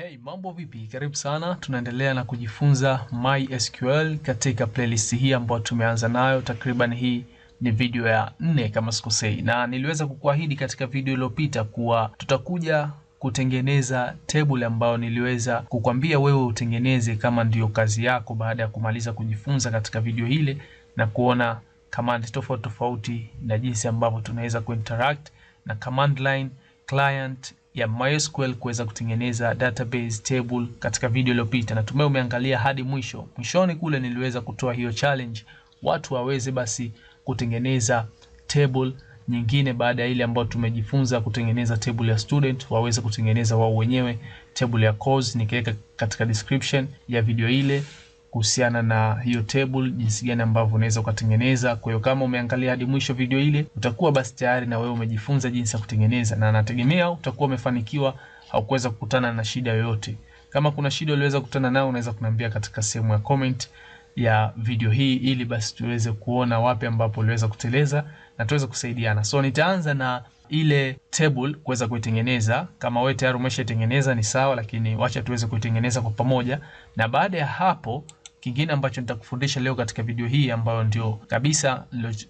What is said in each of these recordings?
Hey, mambo vipi? Karibu sana. Tunaendelea na kujifunza MySQL katika playlist hii ambayo tumeanza nayo, takriban hii ni video ya nne kama sikosei, na niliweza kukuahidi katika video iliyopita kuwa tutakuja kutengeneza table ambayo niliweza kukwambia wewe utengeneze kama ndiyo kazi yako, baada ya kumaliza kujifunza katika video ile na kuona command tofauti tofauti na jinsi ambavyo tunaweza kuinteract na command line, client ya MySQL kuweza kutengeneza database table katika video iliyopita. Natumai umeangalia hadi mwisho. Mwishoni kule niliweza kutoa hiyo challenge watu waweze basi kutengeneza table nyingine baada ya ile ambayo tumejifunza kutengeneza table ya student, waweze kutengeneza wao wenyewe table ya course. Nikiweka katika description ya video ile kuhusiana na hiyo table, jinsi gani ambavyo unaweza ukatengeneza. Kwa hiyo kama umeangalia hadi mwisho video ile, utakuwa basi tayari na wewe umejifunza jinsi ya kutengeneza, na nategemea utakuwa umefanikiwa, haukuweza kukutana na shida yoyote. Kama kuna shida uliweza kukutana nayo, unaweza kuniambia katika sehemu ya comment ya video hii, ili basi tuweze kuona wapi ambapo uliweza kuteleza na tuweze kusaidiana. So nitaanza na ile table kuweza kuitengeneza. Kama wewe tayari umeshaitengeneza ni sawa, lakini wacha tuweze kuitengeneza kwa pamoja, na baada ya hapo Kingine ambacho nitakufundisha leo katika video hii ambayo ndio kabisa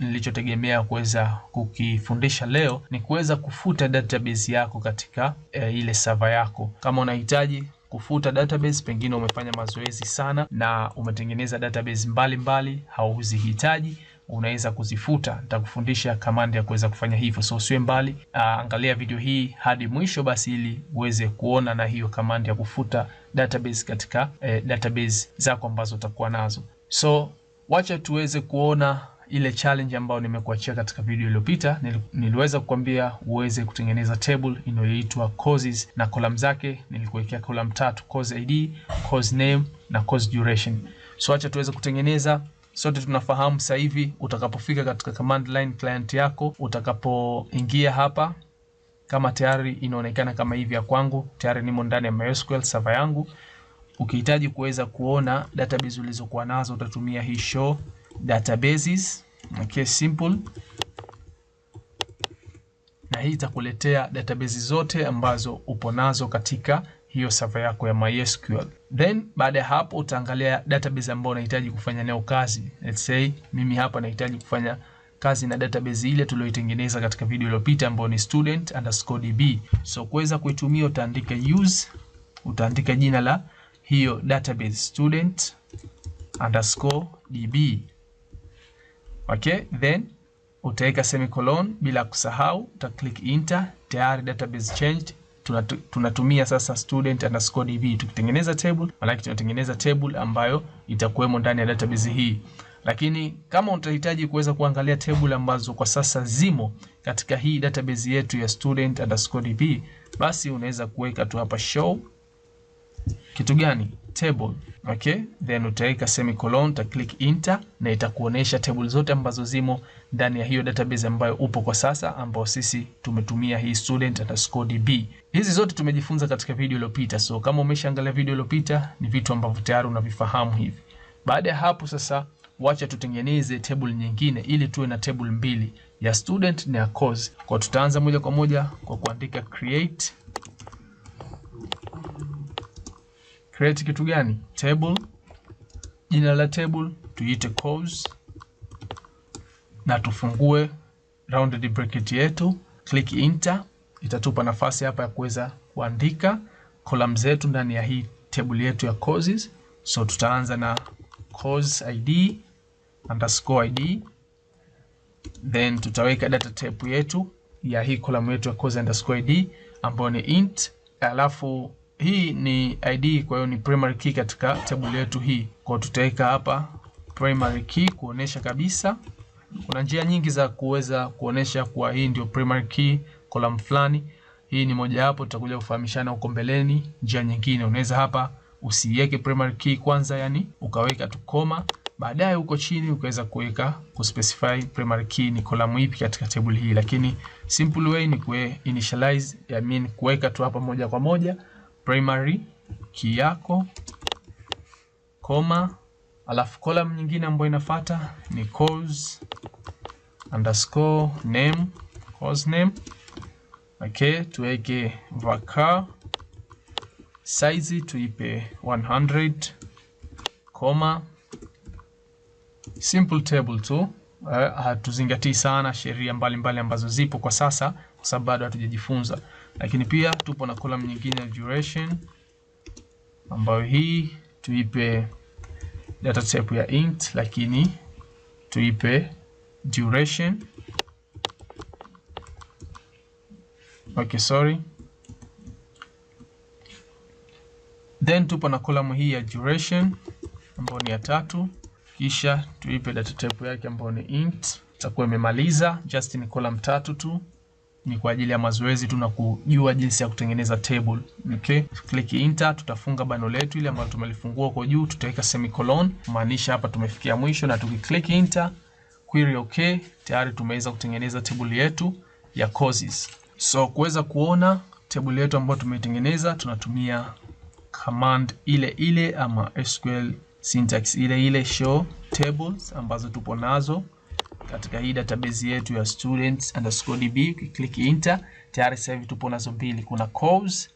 nilichotegemea kuweza kukifundisha leo ni kuweza kufuta database yako katika e, ile server yako. Kama unahitaji kufuta database, pengine umefanya mazoezi sana na umetengeneza database mbalimbali hauzihitaji unaweza kuzifuta. Nitakufundisha kamanda ya kuweza kufanya hivyo, so usiwe mbali, ah, angalia video hii hadi mwisho basi, ili uweze kuona na hiyo kamanda ya kufuta database katika eh, database zako ambazo utakuwa nazo. So wacha tuweze kuona ile challenge ambayo nimekuachia katika video iliyopita. niliweza kukwambia uweze kutengeneza table inayoitwa courses na column zake. Nilikuwekea column tatu, course ID, course name na course duration. So acha tuweze kutengeneza Sote tunafahamu sasa hivi utakapofika katika command line client yako, utakapoingia hapa, kama tayari inaonekana kama hivi ya kwangu, tayari nimo ndani ya MySQL server yangu. Ukihitaji kuweza kuona database ulizokuwa nazo, utatumia hii show databases. Okay, simple na hii itakuletea database zote ambazo upo nazo katika hiyo server yako ya MySQL. Then baada ya hapo utaangalia database ambayo unahitaji kufanya nayo kazi. Let's say mimi hapa nahitaji kufanya kazi na database ile tuliyoitengeneza katika video iliyopita ambayo ni student_db. So kuweza kuitumia utaandika use, utaandika jina la hiyo database student_db. Okay, then utaweka semicolon bila kusahau, uta click enter, tayari database changed tunatumia sasa student underscore db. Tukitengeneza table, maana tunatengeneza table ambayo itakuwemo ndani ya database hii. Lakini kama utahitaji kuweza kuangalia table ambazo kwa sasa zimo katika hii database yetu ya student underscore db, basi unaweza kuweka tu hapa show kitu gani? Table. Okay, then utaweka semicolon, uta click enter na itakuonesha table zote ambazo zimo ndani ya hiyo database ambayo upo kwa sasa, ambao sisi tumetumia hii student_db. Hizi zote tumejifunza katika video iliyopita, so kama umeshaangalia video iliyopita ni vitu ambavyo tayari unavifahamu hivi. Baada ya hapo sasa, wacha tutengeneze table nyingine ili tuwe na table mbili ya student na ya course. Kwa tutaanza moja kwa moja kwa kuandika create create kitu gani? Table. Jina la table tuite cause, na tufungue rounded bracket yetu, click enter, itatupa nafasi hapa ya kuweza kuandika column zetu ndani ya hii table yetu ya causes. So tutaanza na cause id underscore id, then tutaweka data type yetu ya hii column yetu ya cause underscore id ambayo ni int, alafu hii ni id, kwa hiyo ni primary key katika table yetu hii. Kwa tutaweka hapa primary key kuonesha kabisa. Kuna njia nyingi za kuweza kuonesha kuwa hii ndio primary key column fulani. Hii ni moja hapo, tutakuja kufahamishana huko mbeleni. Njia nyingine unaweza hapa usiweke primary key kwanza, yani ukaweka tu koma, baadaye huko chini ukaweza kuweka ku specify primary key ni column ipi katika table hii, lakini simple way ni kue initialize, I mean kuweka tu hapa moja kwa moja primary key yako koma, alafu column nyingine ambayo inafata ni course underscore name, course name. Okay, tuweke varchar, size tuipe 100 koma, simple table tu. Uh, hatuzingatii sana sheria mbalimbali ambazo zipo kwa sasa kwa sababu bado hatujajifunza lakini pia tupo na column nyingine ya duration ambayo hii tuipe data type ya int, lakini tuipe duration. Okay, sorry. Then tupo na column hii ya duration ambayo ni ya tatu, kisha tuipe data type yake ambayo ni int. Itakuwa imemaliza just ni column tatu tu ni kwa ajili ya mazoezi tu na kujua jinsi ya kutengeneza table. Okay, click enter, tutafunga bano letu ile ambalo tumelifungua huko juu, tutaweka semicolon maanisha hapa tumefikia mwisho, na tukiclick enter, query okay, tayari tumeweza kutengeneza table yetu ya courses. So kuweza kuona table yetu ambayo tumeitengeneza, tunatumia command ile ile ama SQL syntax ile ile show tables ambazo tupo nazo katika hii database yetu ya db ukiklik enter, tayari sasa hivi tupo nazo mbili, kuna course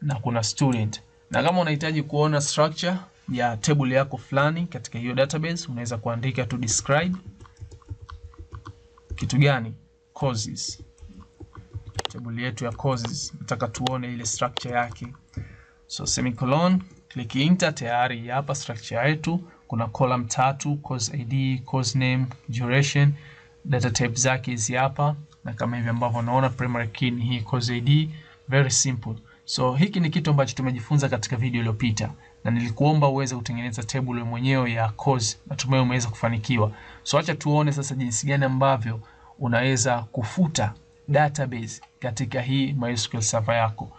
na kuna student. Na kama unahitaji kuona structure ya table yako fulani katika hiyo database, unaweza kuandika tu describe kitu gani, courses. Table yetu ya courses, nataka tuone ile structure yake, so semicolon, click enter, tayari hapa structure yetu kuna column tatu course ID, course name, duration, data type zake hizi hapa, na kama hivi ambavyo unaona primary key ni hii course ID, very simple. So hiki ni kitu ambacho tumejifunza katika video iliyopita na nilikuomba uweze kutengeneza table mwenyewe ya course. Natumai umeweza kufanikiwa. So acha tuone sasa jinsi gani ambavyo unaweza kufuta database katika hii MySQL server yako.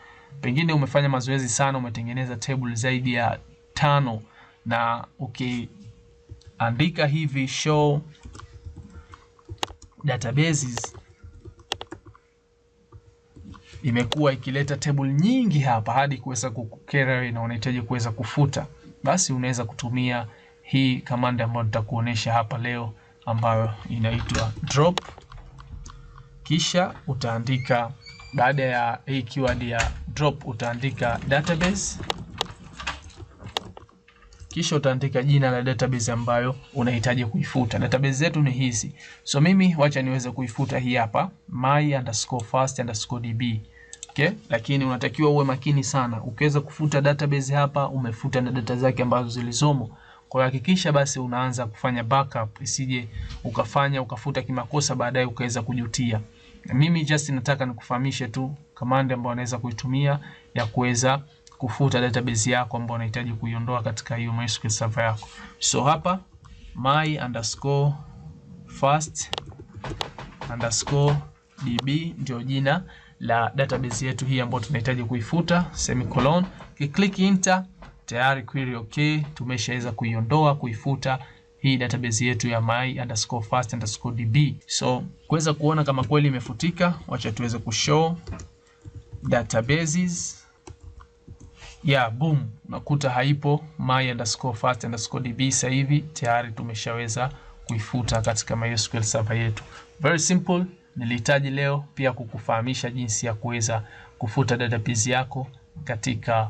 Pengine umefanya mazoezi sana, umetengeneza table zaidi ya tano na ukiandika hivi show databases imekuwa ikileta table nyingi hapa hadi kuweza kukera na unahitaji kuweza kufuta, basi unaweza kutumia hii kamanda ambayo nitakuonesha hapa leo ambayo inaitwa drop, kisha utaandika baada ya hii keyword ya drop utaandika database kisha utaandika jina la database ambayo unahitaji kuifuta. Database zetu ni hizi, so mimi wacha niweze kuifuta hii hapa my_first_db. Okay? Lakini unatakiwa uwe makini sana, ukiweza kufuta database hapa, umefuta na data zake ambazo zilizomo. Kwa hiyo hakikisha basi unaanza kufanya backup, isije ukafanya ukafuta kimakosa, baadaye ukaweza kujutia. Na mimi just nataka nikufahamishe tu command ambayo unaweza kuitumia ya kuweza kufuta database yako ambayo unahitaji kuiondoa katika hiyo MySQL server yako. So hapa my underscore first underscore db ndio jina la database yetu hii ambayo tunahitaji kuifuta, semicolon. Kiclick enter, tayari query okay, tumeshaweza kuiondoa kuifuta hii database yetu ya my underscore first underscore db. So kuweza kuona kama kweli imefutika, wacha tuweze kushow databases yeah, boom, unakuta haipo my underscore fast underscore db. Sasa hivi tayari tumeshaweza kuifuta katika MySQL server yetu. Very simple. Nilihitaji leo pia kukufahamisha jinsi ya kuweza kufuta database yako katika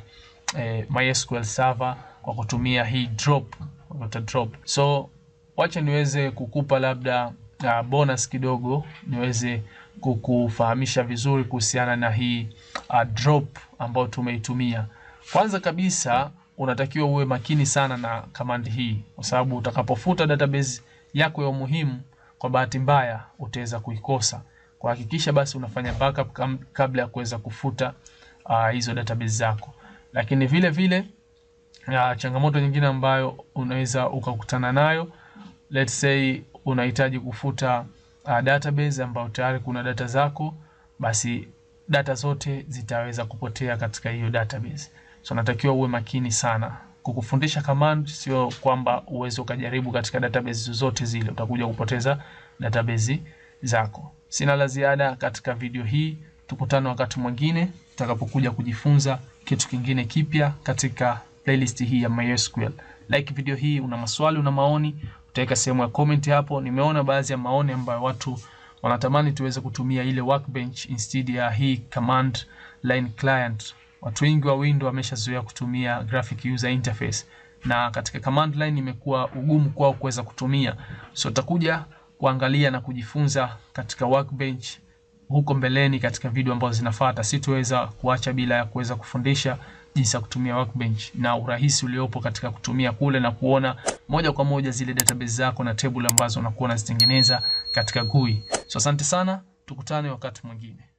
eh, MySQL server kwa kutumia hii drop, uta drop. So wacha niweze kukupa labda uh, bonus kidogo niweze kukufahamisha vizuri kuhusiana na hii uh, drop ambayo tumeitumia. Kwanza kabisa unatakiwa uwe makini sana na kamandi hii, kwa sababu utakapofuta database yako ya muhimu, kwa bahati mbaya utaweza kuikosa. Kwa hakikisha basi unafanya backup kabla ya kuweza kufuta uh, hizo database zako. Lakini vile vile uh, changamoto nyingine ambayo unaweza ukakutana nayo, let's say unahitaji kufuta uh, database ambayo tayari kuna data zako, basi data zote zitaweza kupotea katika hiyo database. So natakiwa uwe makini sana. Kukufundisha command sio kwamba uweze ukajaribu katika database zozote zile, utakuja kupoteza database zako. Sina la ziada katika video hii, tukutane wakati mwingine tutakapokuja kujifunza kitu kingine kipya katika playlist hii ya MySQL. Like video hii, una maswali, una maoni, utaweka sehemu ya comment hapo. Nimeona baadhi ya maoni ambayo watu wanatamani tuweze kutumia ile workbench instead ya hii command line client. Watu wengi wa Windows wameshazoea kutumia graphic user interface na katika command line imekuwa ugumu kwao kuweza kutumia, so tutakuja kuangalia na kujifunza katika workbench huko mbeleni katika video ambazo zinafuata. Sitoweza kuacha bila ya kuweza kufundisha jinsi ya kutumia workbench na urahisi uliopo katika kutumia kule na kuona moja kwa moja zile database zako na table ambazo unakuwa unazitengeneza katika GUI. So asante sana, tukutane wakati mwingine.